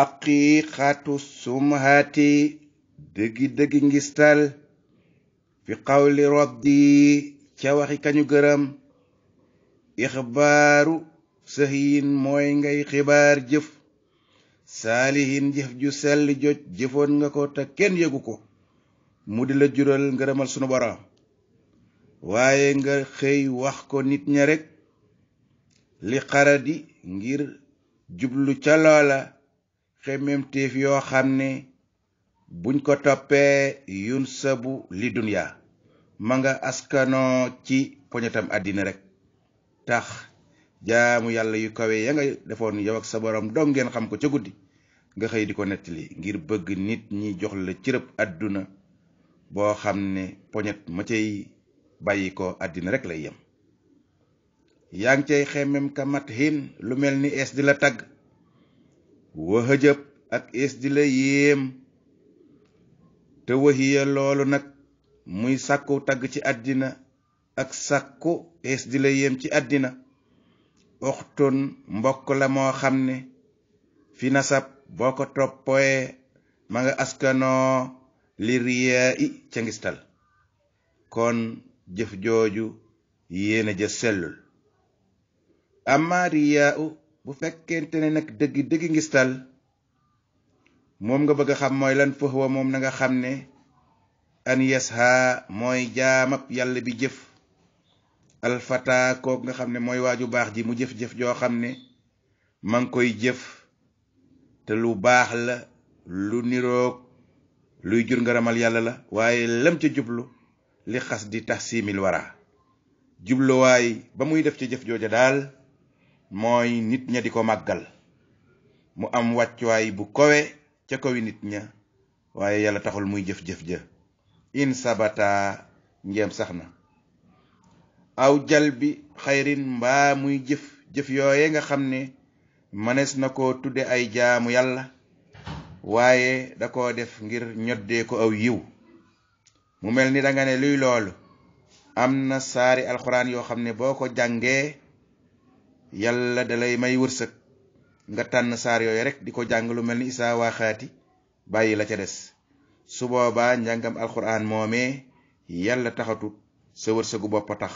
aqiiqatu sumhati dëggi dëggi ngistal fi qawli rabbi ca waxi kañu gërëm ixbaaru sëhiin mooy ngay xibaar jëf saalihin jëf ju sell joj jëfoon nga ko te kenn yëgu ko mu di la jural ngërëmal sunu borom waaye nga xëy wax ko nit ña rekk li xaradi ngir jublu ca loola xemmemtéef yoo xam ne buñ ko toppee yun sabu li dunya ma nga askanoo ci poñetam àddina rekk tax jaamu yàlla yu kawe ya nga defoon yow ak sa borom dong ngeen xam ko ca guddi nga xëy di ko nettali ngir bëgg nit ñi jox la cërëb àdduna boo xam ne poñet ma cay bàyyi ko àddina rek lay yem yaa ngi cay xemmem kamat hin lu mel ni ees di la tagg waxëjëb ak is di la yéem te waxiya loolu nag muy sàkku tagg ci àddina ak sàkku is di yéem ci àddina oxtoon mbokk la moo xam ne fi nasab boo ko toppee ma askanoo li riyaa i ca ngistal kon jëf jooju yéena ja sellul amma riyaa u bu fekkente ne nag dëgg dëgg ngistal moom nga bëgg a xam mooy lan fëx wa moom na nga xam ne an yasha mooy jaamab yàlla bi jëf alfata nga xam ne mooy waaju baax ji mu jëf-jëf joo xam ne ma ngi koy jëf te lu baax la lu niroog luy jur ngaramal yàlla la waaye lam ca jublu li xas di tax siimil wara jubluwaay ba muy def ca jëf jooja daal mooy nit ña di ko màggal mu am wàccuwaay bu kowe ca kawi nit ña waaye yàlla taxul muy jëf-jëf ja in sabata njeem sax na aw jalbi bi xayrin mbaa muy jëf jëf yooye nga xam ne mënees na ko tudde ay jaamu yàlla waaye da koo def ngir ñoddee ko aw yiw mu mel ni danga ne luy loolu am na saari alxuraan yoo xam ne boo ko jàngee yàlla dalay may wërsëg nga tànn saar yooyu rek di ko jàng lu mel ni isaa waaxaati bàyyi la ca des su boobaa njàngam alxuraan moomee yàlla taxatut sa wërsëgu bopp tax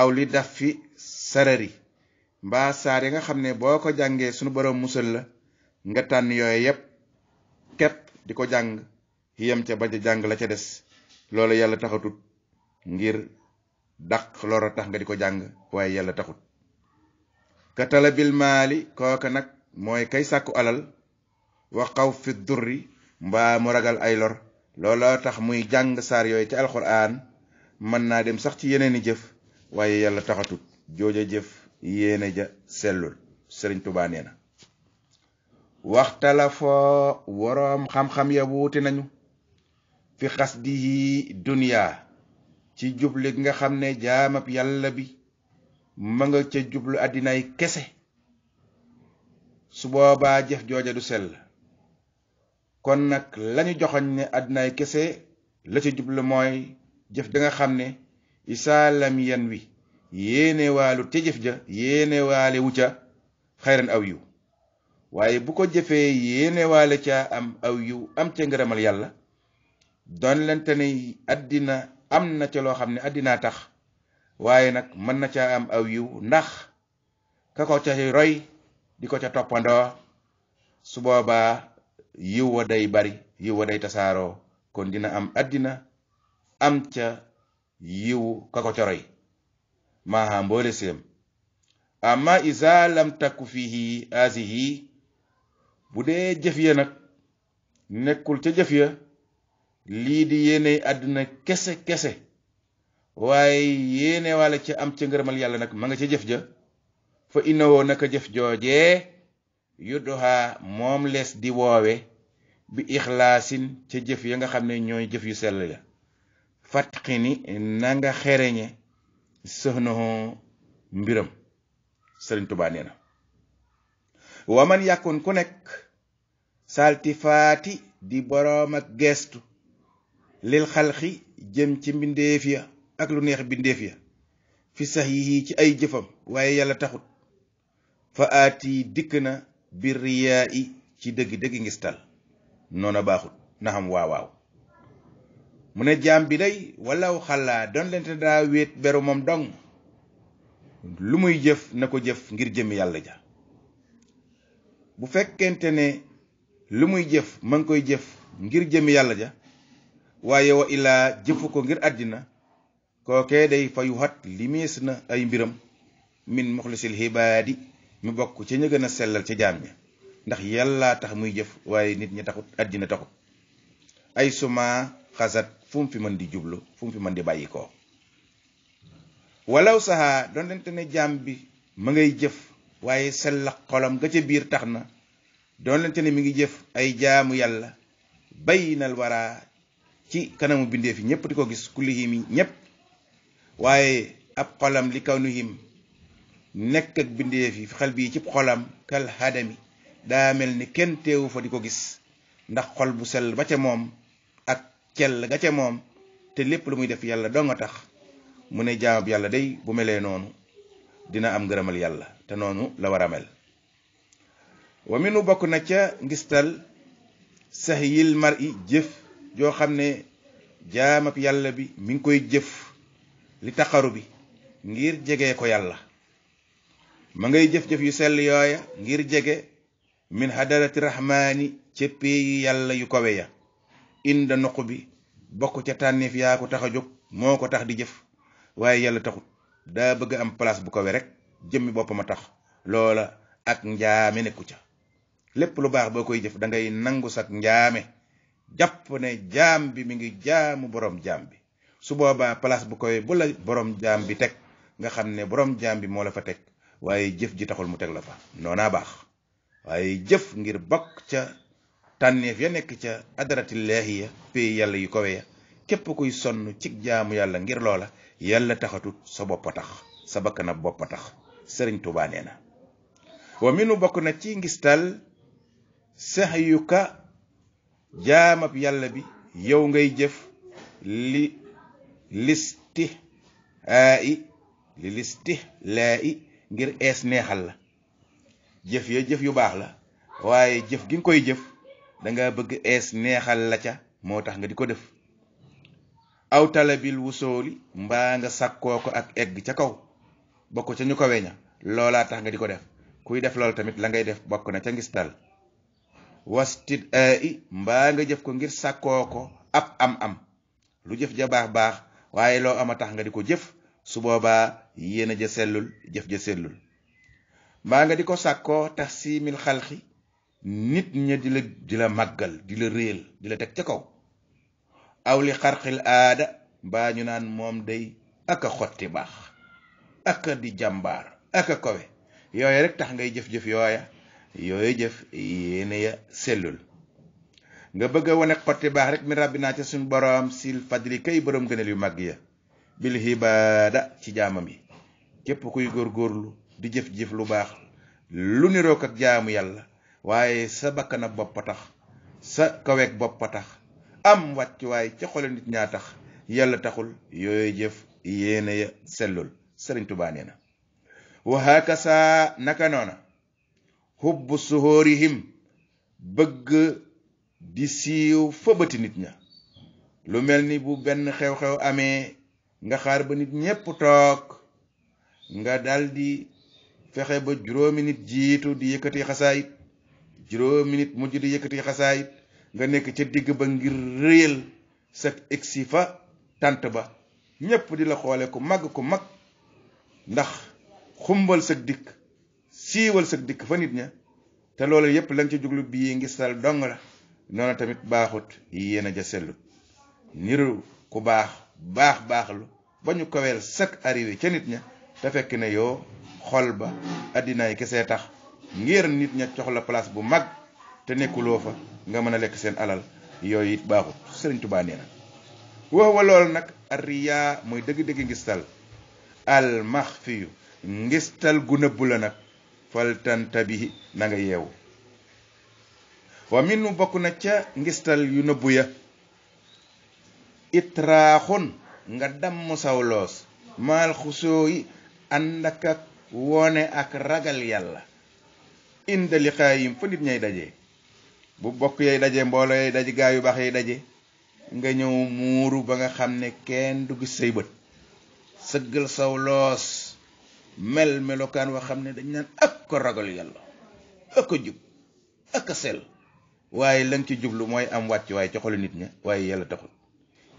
aw li daf fi sarari mbaa saar yi nga xam ne boo ko jàngee sunu borom musal la nga tànn yooyu yépp képp di ko jàng yem ca bañ a la ca des loolu yàlla taxatut ngir daq loola tax nga di ko jàng waaye yàlla taxut ka talabil maali kooka nag mooy kay sàkku alal wa kaw fi durri mbaa mu ragal ay lor looloo tax muy jàng saar yooyu ci alxuraan mën naa dem sax ci yeneeni jëf waaye yàlla taxatut jooja jëf yéene ja sellul sëriñ tubaa nee na waxtala foo woroom xam-xam ya wuute nañu fi xas di duniyaa ci juble nga xam ne jaamab yàlla bi ma nga ca jublu àddinaay kese su boobaa jëf jooja du sell kon nag lañu joxoñ ne àddinaay kese la ca jublu mooy jëf da xam ne isaalam yan wi yéene waalu te jëf ja yéene waale ca xayran aw yiw waaye bu ko jëfee yéene waale ca am aw yiw am ca ngërëmal yàlla doon lente ne àddina am na ca loo xam ne àddinaa tax waaye nag mën na ca am aw yiw ndax ka ko ca roy di ko ca toppandoo su boobaa yiw wa day bari yiw wa day kon dina am addina am ca yiw ka ko ca roy maaha mboole séem amma isa takku fihi azihi bu dee jëf ya nag nekkul ca jëf ya lii di yéene àdduna kese kese waaye yéene wala ci am ca ngërëmal yàlla nag ma nga ca jëf ja fa innawoo naka jëf joojee yudduhaa moom lees di woowe bi ixlaasin ca jëf ya nga xam ne ñooy jëf yu sell ya fatqi ni na nga xereñe sëxnahoo mbiram sëriñ tubaa nee na wa man yàkkun ku nekk saltifaati di boroom ak gestu lil xalxi jëm ci mbindeef ak lu neex bindeef ya fi sax yi ci ay jëfam waaye yàlla taxut fa aati dikk na bi riyaa i ci dëgg-dëgg ngistal noona baaxut na xam waawaaw mu ne jaam bi day walaw xalaa doon lente daa wéet beru moom dong lu muy jëf na ko jëf ngir jëmi yàlla ja bu fekkente ne lu muy jëf ma koy jëf ngir jëmi yàlla ja waaye wa illaa jëfu ko ngir àddina kookee day fayu xat limees na ay mbiram min muxlisil xibaadi mi bokk ca ña gën a sellal ca jaam ña ndax yàllaa tax muy jëf waaye nit ñi taxut àddina taxut ay suma xasat fu mu fi mën di jublu fu mu fi mën di bàyyi koo walaw saxaa doonte ne jaam bi ma ngay jëf waaye sellak xolam ga ca biir tax na doonte ne mi ngi jëf ay jaamu yàlla baynal waraa ci kanamu bindeef yi ñëpp di ko gis kulli yi mi waaye ab xolam li kaw nu him nekk ak bindeef yi xel bii cib xolam kal hadami daa mel ni kenn teewu fa di ko gis ndax xol bu sel ba ca moom ak cel ga ca moom te lépp lu muy def yàlla doo nga tax mu ne jaamab yàlla day bu melee noonu dina am ngërëmal yàlla te noonu la war mel wa minu bokk na ca ngistal sax yil mar i jëf joo xam ne jaamab yàlla bi mu ngi koy jëf li taqaru bi ngir jege ko yàlla ma ngay jëf-jëf yu sell yooya ngir jege min hadarati rahmaani ca péeyi yàlla yu kawe ya inda noq bi bokk ca tànneef yaa ko tax a jóg moo ko tax di jëf waaye yàlla taxut daa bëgg am place bu kowe rek jëmmi boppam a tax loola ak njaame nekku ca lépp lu baax boo koy jëf dangay nangu sak njaame jàpp ne jaam bi mi ngi jaamu borom jaam bi su boobaa place bu koy bu la borom jaam bi teg nga xam ne borom jaam bi moo la fa teg waaye jëf ji taxul mu teg la fa noonaa baax waaye jëf ngir bokk ca tànneef ya nekk ca adaratillahi ya pay yàlla yu koy ya képp kuy sonn ci jaamu yàlla ngir loola yàlla taxatut sa bopp a tax sa bakkana bopp a tax sëriñ Tuubaa nee na wa bokk na ci ngistal sax yu jaamab yàlla bi yow ngay jëf li listi ai li ngir ees neexal la jëf ya jëf yu baax la waaye jëf gi koy jëf danga bëgg ees neexal la ca moo tax nga di ko def aw talabil wusooli mbaa nga sakkoo ko ak egg ca kaw bokk ca ñu ko weña loolaa tax nga di ko def kuy def loolu tamit la ngay def bokk na ca ngistal wastid ai mbaa nga jëf ko ngir sakkoo ko ab am am lu jëf ja baax baax waaye loo ama tax nga di ko jëf su boobaa yéen a ja sellul jëf ja sellul mbaa nga di ko sàkkoo tax siimil xalxi nit ña dila la di la màggal di la réel di la teg ca kaw aw li xarxil aada mbaa ñu naan moom day ak xotti baax ak di jàmbaar ak a kowe yooya rek tax ngay jëf-jëf yooya yooyu jëf yéene ya sellul nga bëgg a wane xotti baax rek mi rabbi naa ca suñu boroom sil fadli kay boroom gënal yu mag ya bil hibaada ci jaamam yi képp kuy góor góorlu di jëf-jëf lu baax lu niroog ak jaamu yàlla waaye sa bakkana bopp tax sa kaweeg bopp tax am wàccuwaay ca xole nit ñaa tax yàlla taxul yooyu jëf yéene ya sellul sëriñ Tuubaa nee na wa hakasa naka noona hubbu bëgg di siiw fa bëti nit ña lu mel ni bu benn xew-xew amee nga xaar ba nit ñépp toog nga daldi fexe ba juróomi nit jiitu di yëkkati xasaayit juróomi nit mujj di yëkkati xasaayit nga nekk ca digg ba ngir réyal sa egsi fa tànt ba ñépp di la xoole ku mag ku mag ndax xumbal sa dikk siiwal sa dikk fa nit ña te loolu yépp la nga ci juglu bii ngi sal dong la noonu tamit baaxut yéen a ja sellu niru ku baax baax baaxlu ba ñu koweel sak arrivé ca nit ña te fekk ne yoo xol ba addinaay kesee tax ngir nit ña jox la place bu mag te nekkuloo fa nga mën a lekk seen alal yooyu it baaxut sëriñ Tuubaa nee na wax lool nag arriyaa mooy dëgg-dëgg ngistal al max fiyu ngistal gu nëbbu la nag faltantabihi na nanga yeewu wa minu bokk na ca ngistal yu nëbbu ya itraaxun nga damm saw loos maal xusoo yi ànd ak ak wone ak ragal yàlla inda liqaayim fa nit ñay daje bu bokk yay daje mboola yay daje gaa yu baax yay daje nga ñëw muuru ba nga xam ne kenn du gis say bët sëggal saw mel melokaan woo xam ne dañ naan ak ko ragal yàlla ak ko jub ak a sell waaye la ci jublu mooy am wàccuwaay ci xolu nit ña waaye yàlla taxul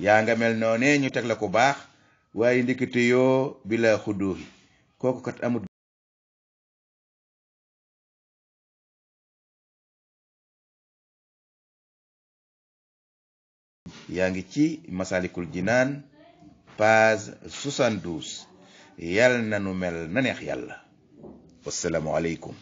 yaa nga mel noonee ñu teg la ko baax waaye ndikite yoo bi la xudduuxi kooku kat amut yaa ngi ci masalikul jinaan page 72 yàlla na nu mel na neex yàlla wasalaamualeykum